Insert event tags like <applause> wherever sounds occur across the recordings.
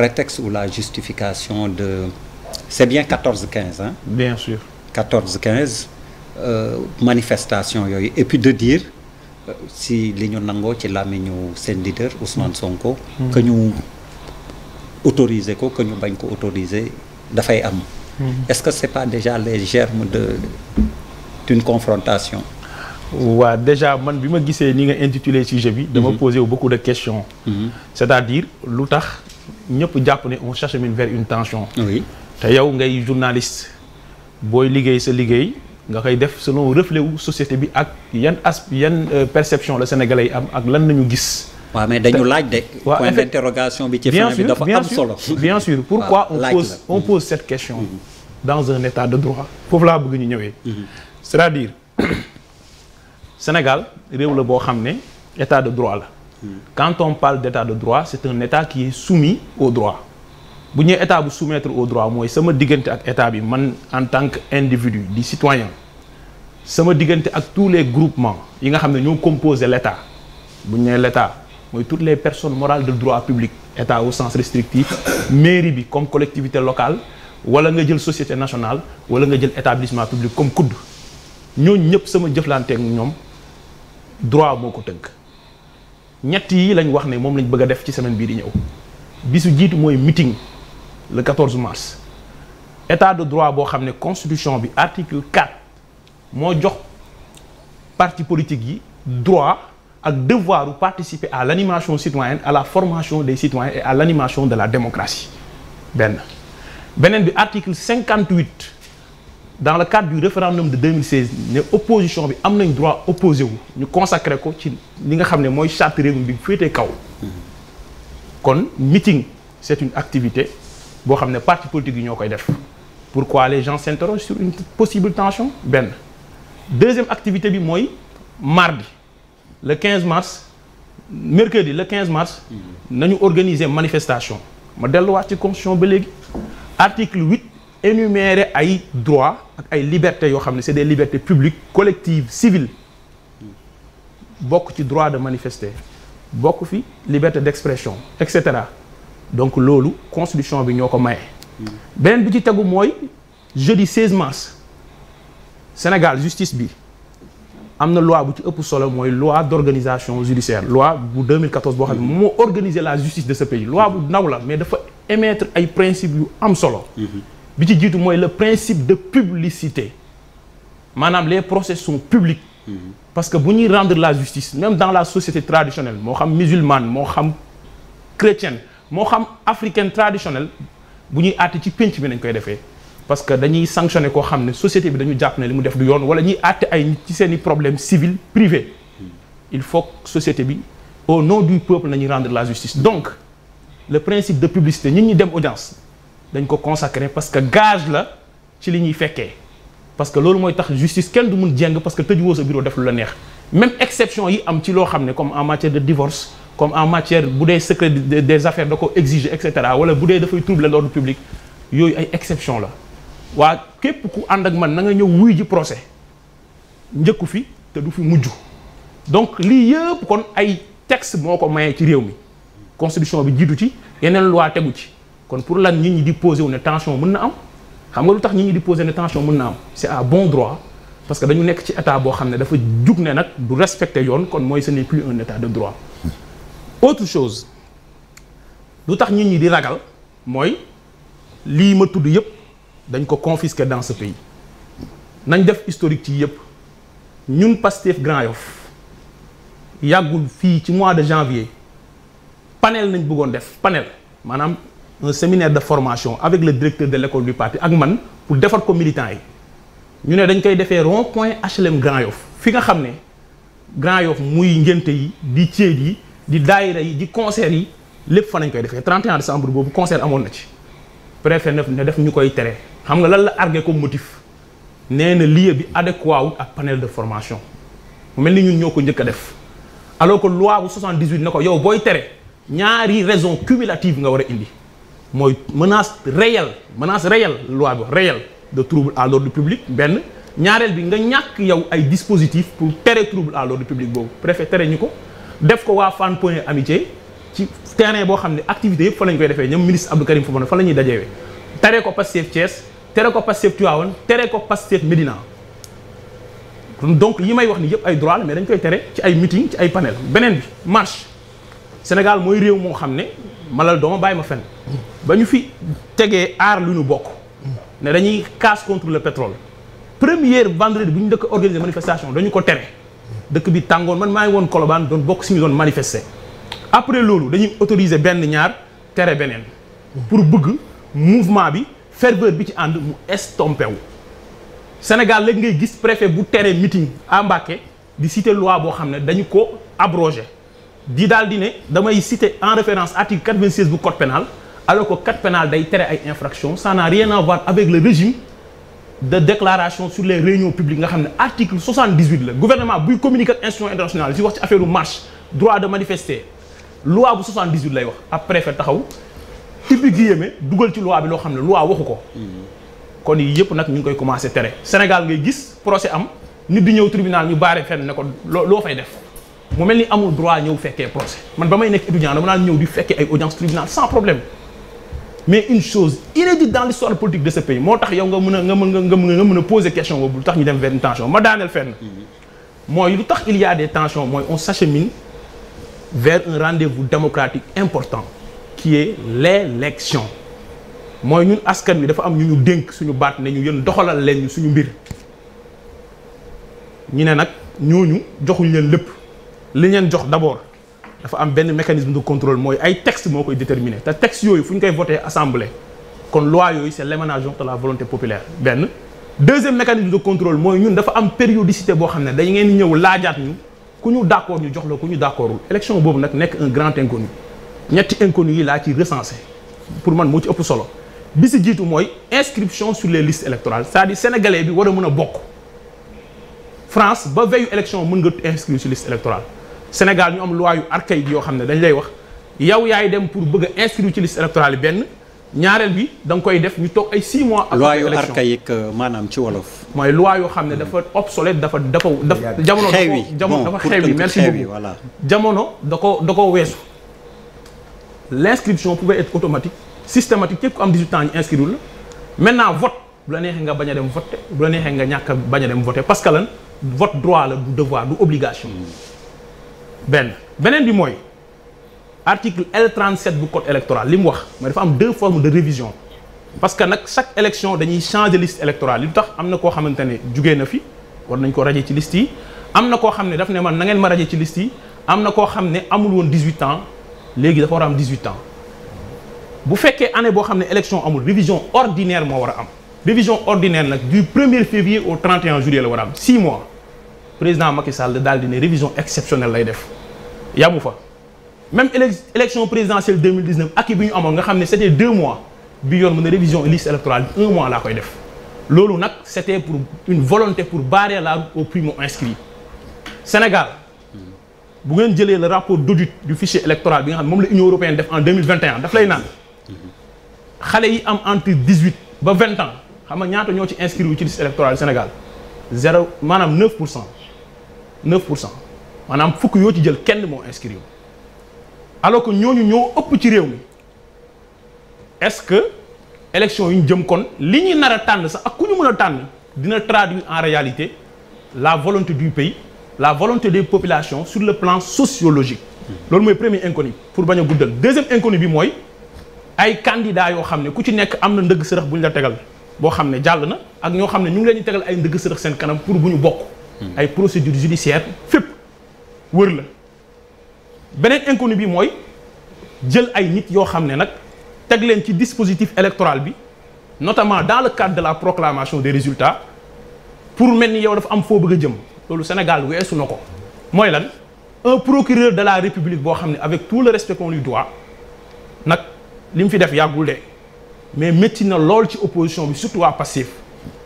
prétexte ou la justification de... C'est bien 14-15, hein Bien sûr. 14-15, euh, manifestation yooyu et puis de dire euh, si li ñu nangoo ci làmmiñu seen leader Ousmane Sonko. Hmm. que ñu autoriser ko que ñu bañ ko autoriser dafay am. Hmm. est-ce que c'est pas déjà les germe de d'une confrontation. waaw ouais, déjà man bi ma gisee ni nga intitulé sujet bi. dama hmm. poser beaucoup de questions. c'est-à-dire lu tax ñëpp jàpp ne on cherche vers une tension. te yow ngay journaliste booy liggéey sa liggéey nga koy def selon reflet wu société bi ak yan as yan euh, perception la sénégalais yi am ak lan nañu gis. waaw mais dañu laaj de. waaw point d'interrogation bi ci fin bi dafa am solo. bien sûr <laughs> pourquoi on pose on mhm. pose cette question. Mhm. dans un état de droit. foofu laa bëgg ñu ñëwee. Mhm. c'est-à-dire <coughs> Sénégal réew la boo xam ne état de droit la. quand on parle d' de droit c' est ki état soumis au droit bu ñëwee état bu soumettre au droit mooy sama diggante ak état bi man en tant que individu di citoyen sama diggante ak tous les groupements yi nga xam ne ñoo composé l' bu ñu nee mooy toutes les personnes morales de droit public état au sens restrictif mairie bi comme collectivité locale wala nga jël société nationale wala nga jël établissement public comme COUD ñooñu ñëpp sama jëflante ñoom droit moo ko tënk. ñett yi lañ wax ne moom lañ bëgg def ci semaine bii di ñëw bi su jiitu mooy meeting le 14 mars état de droit boo xam ne constitution bi article 4 moo jox parti politique yi droit ak devoir participer à l'animation citoyenne à la formation des citoyens et à l'animation de la démocratie benn beneen bi article 58 dans le cadre du référendum de 2016 ne opposition bi am nañ droit opposé wu ñu consacré ko ci li nga xam ne mooy charte réew mi bi féete kaw kon meeting c'est une activité boo xam ne parti politique yi ñoo koy def pourquoi les gens s'interrogent sur une possible tension benn deuxième activité bi mooy mardi le 15 mars mercredi le 15 mars mm-hmm. nañu organiser manifestation ma delluwaat ci constitution ba léegi article 8 énumérer ay droits ak ay libertés yoo xam ne c'est des libertés publique collective civiles bokk ci droit de manifester bokk fi liberté d'expression et cetera donc loolu constitution bi ñoo ko maye. beneen bi ci tegu mooy jeudi 16 mars Sénégal justice bi am na loi bu ci ëpp solo mooy loi d'organisation judiciaire loi bu 2014 boo xam ne moo organiser la justice de ce pays loi bu ndaw la mais dafa émettre ay principes yu am solo. Mm-hmm. bi ci jiitu mooy le principe de publicité maanaam les procès sont publics mm-hmm. parce que bu ñuy rendre la justice même dans la société traditionnelle moo xam musulmane moo xam chrétienne moo xam africaine traditionnelle bu ñuy àtte ci pénc bi nañ koy defee parce que dañuy sanctionné koo xam ne société bi dañu jàpp ne li mu def du yoon wala ñuy àtte ay ci seen i problème civil privé mm-hmm. il faut que société bi au non du peuple nañuy rendre la justice donc le principe de publicité ñun ñi dem audience dañ ko consacrer parce que gage la ci li ñuy fekkee parce que loolu mooy tax justice kenn du mun jeng parce que tëjuwoo sa bureau def lu la neex même exception yi am ci loo xam ne comme en matière de divorce comme en matière bu dee secret des affaires da ko exiger et cetera wala bu dee dafay troubler l'ordre public yooyu ay exception la waa képp ku ànd ak man na nga ñëw wuy ji procès njëkku fi te du fi mujj donc lii yëpp kon ay texte moo ko mayee ci réew mi constitution bi jiitu ci yeneen tegu ci kon pour lan nit ñi di posé wu ne tension mën na am xam nga lu tax nit ñi di posé ne tension mën na am c'est à bon droit parce que dañu nekk ci état boo xam ne dafa jug ne nag du respecter yoon kon mooy ce n'est plus un état de droit autre chose lu tax nit ñi di ragal mooy lii ma tudd yëpp dañ ko confisquer dans ce pays nañ def historique ci yëpp ñun Pastef Grand Yoff yàggul fii ci mois de janvier panel nañ bëggoon def panel maanaam un séminaire de formation avec le directeur de l'école du parti ak man pour defar ko militants yi ñu ne dañ koy defee rond point HLM Grand Yoff fi nga xam ne Grand Yoff muy ngénte yi di céet yi di daayira yi di concert yi lépp fa nañ koy defee 31 décembre boobu concert amoon na ci préfet ne def ñu koy tere xam nga lan la argué comme motif nee na lieu bi adéquat wut ak panel de formation mu mel ni ñun ñoo ko njëkk a def alors que loi bu 78 na ko yow booy tere ñaari raison cumulative nga war a indi mooy menace réelle menace réelle loi bi wax de trouble à l'ordre public benn ñaareel bi nga ñàkk yow ay dispositif pour tere trouble à l'ordre public boobu préfet tere ñu ko def ko waa Fann Point Amitié ci terrain boo xam ne activité yëpp fa lañ koy defee ñoom ministre Abdou Karim Fofana fa la ñuy dajewee tere ko Pastef Thiès tere ko Pastef Tivaouane tere ko Pastef Médina donc yi may wax ni yëpp ay droit la mais dañ koy tere ci ay meeting ci ay panel beneen bi Sénégal mooy réew moo xam ne malal dooma bàyyi ma fen ba ñu fi tegee aar lu ñu bokk ne dañuy casse contre le pétrole première vendredi bu ñu dëkk organiser manifestation dañu ko tere dëkk bi tàngoon man maa ngi woon Colobane doon bokk si ñu doon manifester après loolu dañuy autoriser benn ñaar tere beneen pour bëgg mouvement bi ferveur bi ci ànd mu estompé wu Sénégal léegi ngay gis préfet bu tere meeting à di cité loi boo xam ne dañu ko abrogé di daal di ne damay citer en référence article 96 bu code pénal alors que code pénal day tere ay infraction ça n'a rien à voir avec le régime de déclaration sur les réunions publiques nga xam ne article 78 la gouvernement buy communiquer ak institution internationale si wax ci affaire marche droit de manifester loi bu lay wax ab préfet taxaw tibbi Guémé dugal ci loi bi loo xam ne loi waxu ko. kon yii yëpp nag ñu ngi koy commencé tere. Sénégal ngay gis procès am nit di ñëw tribunal ñu baare fenn ne ko loo loo fay def. mu mel ni amul droit ñëw fekkee procès man ba may nekk étudiant dama naan ñëw di fekkee ay audience tribunal sans problème mais une chose inédite dans l'histoire politique de ce pays moo tax yow nga mën a nga mën nga mën nga mën a poser question boobu lu tax ñu dem vers une tension ma daaneel fenn mooy lu tax il y a des tensions mooy on s'achemine vers un rendez-vous démocratique important qui est l'élection mooy ñun askan wi dafa am ñu ñu dénk suñu baat ne ñu yéen doxalal leen ñu suñu mbir ñu ne nag ñooñu joxuñ leen lépp li ñeen jox d' abord dafa am benn mécanisme de contrôle mooy ay texte moo koy déterminer te texte yooyu fu ñu koy voté assemblée kon loi yooyu c' est de la volonté populaire benn deuxième mécanisme de contrôle mooy ñun dafa am périodicité boo xam ne dañ ngeen ñëw laajaat ñu ku ñu d' ñu jox la ku ñu d' accordul boobu nag nekk un grand inconnu ñetti inconnu yi laa ci recensé pour man moo ci ëpp solo bi si jiitu mooy inscription sur les listes électorales cest à bi war a mën a bokk France ba veyu élection mën nga inscrire sur liste électorale Sénégal ñu am loi yu archaïque yoo xam ne dañ lay wax yow yaay dem pour bëgg a inscrire ci liste yi benn ñaareel bi danga koy def ñu toog ay 6 mois. après élection archaïque euh, maanaam ci wolof. mooy loi yoo xam ne dafa obsolète dafa dafa. jamono jamono dafa xewi merci beaucoup jamono da ko da ko weesu. l' inscription pouvait être automatique systématique képp ku am 18 ans ñu inscrire la maintenant vote bu la neexee nga bañ a dem vote bu la neexee nga ñàkk a bañ a dem vote parce que lan vote droit la du devoir du obligation. Mm. benn beneen bi mooy article L37 bu code électoral li mu wax mais dafa am deux formes de révision parce que nag chaque élection dañuy changer liste électorale li tax am na koo xamante ne jugee na fi war nañ ko rajee ci liste yi am na koo xam ne daf ne man na ngeen ma rajee ci liste yi am na koo xam ne amul woon 18 ans léegi dafa war am dix 18 ans bu fekkee année boo xam ne élection amul révision ordinaire moo war am révision ordinaire nag du 1er au 31 juillet la war am 6 mois président Macky Sall daal di ne révision exceptionnelle lay def yamu fa même élection présidentielle 2019 ak yi bi ñu amoon nga xam ne c' était deux mois bi yoon mu ne révision liste électorale un mois laa koy def loolu nag c' était pour une volonté pour barrer la route aux primo inscrits Sénégal bu ngeen jëlee la rapport d' audit du fichier électoral bi nga xam ne moom la Union européenne def en 2021 daf lay xale yi am entre 18 ba 20 ans xam nga ñaata ñoo ci inscrire wu ci liste maanaam 9 pour cent 9 pour cent maanaam fukk yoo ci jël kenn moo inscrire alors que ñooñu ñoo ëpp ci réew mi est-ce que élection yu ñu jëm kon li ñuy nar a tànn sax ak ku ñu mën a tànn dina traduire en réalité la volonté du pays la volonté des population sur le plan sociologique. loolu mooy premier inconnu pour bañ a guddal deuxième inconnu bi mooy ay candidats yoo xam ne ku ci nekk am na ndëgg sërëx bu ñu la tegal boo xam ne jàll na ak ñoo xam ne ñu ngi leen di tegal ay ndëgg sërëx seen kanam pour bu ñu bokk. Hmm. ay procédure judiciaire fépp wër la beneen inconnu bi mooy jël ay nit yoo xam ne nag teg leen ci dispositif électoral bi notamment dans le cadre de la proclamation des résultat pour mel ni yow dafa am foo bëgg a jëm loolu Sénégal weesu na ko mooy lan un procureur de la République boo xam ne avec tout le respect qu'on lui nag li mu fi def yàggul de mais métti na lool ci opposition bi surtout waa passif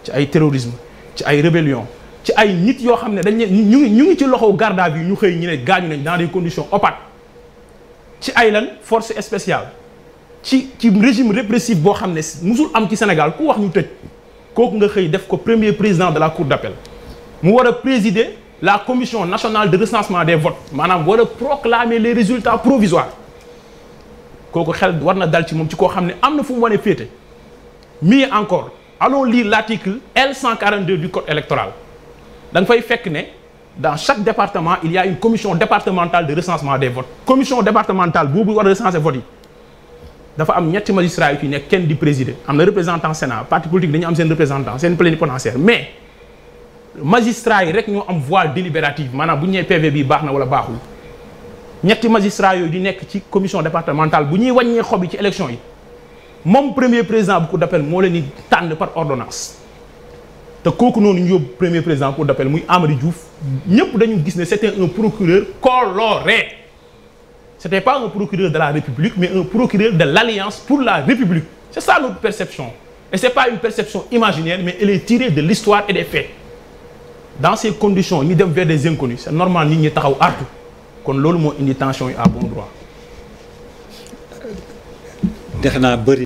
ci ay terrorisme ci ay rébellion ci ay nit yoo xam ne dañ ne ñu ngi ñu ngi ci loxo garde à ñu xëy ñu ne gaañu nañ dans des conditions opaques ci ay lan force spéciale ci ci régime répressif boo xam ne musul am ci Sénégal ku wax ñu tëj kooku nga xëy def ko premier président de la cour d'appel mu war a présider la commission nationale de recensement des votes maanaam war a proclamer les résultats provisoires kooku xel war na dal ci moom ci koo xam ne am na fu mu wane féete mieux encore allons lire l'article L142 du code électoral da fay fekk ne dans chaque département il y a une commission départementale de recensement des votes commission départementale boobu war a recenser votes yi dafa am ñetti magistrats yu ci nekk kenn di présider am na représentant Sénat parti politique dañu am seen représentant seen plénipotentiaire mais magistra yi rek ñoo am voix délibérative maanaam bu ñu nee PV bi baax na wala baaxul ñetti magistrats yooyu di nekk ci commission départementale bu ñuy wàññee xob yi ci moom premier président bu cour moo leen di par ordonnance te kooku noonu ñu yóbbu premier président cour d'appel muy Amady Diouf ñëpp dañu gis ne c'était un procureur coloré c'était pas un procureur de la République mais un procureur de l'Alliance pour la République c'est ça notre perception et c'est pas une perception imaginaire mais elle est tirée de l'histoire et des faits dans ces conditions ñu dem vers des inconnus c'est normal nit ñi taxaw artu kon loolu moo indi tension yi à bon droit